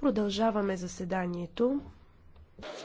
Продължаваме заседанието.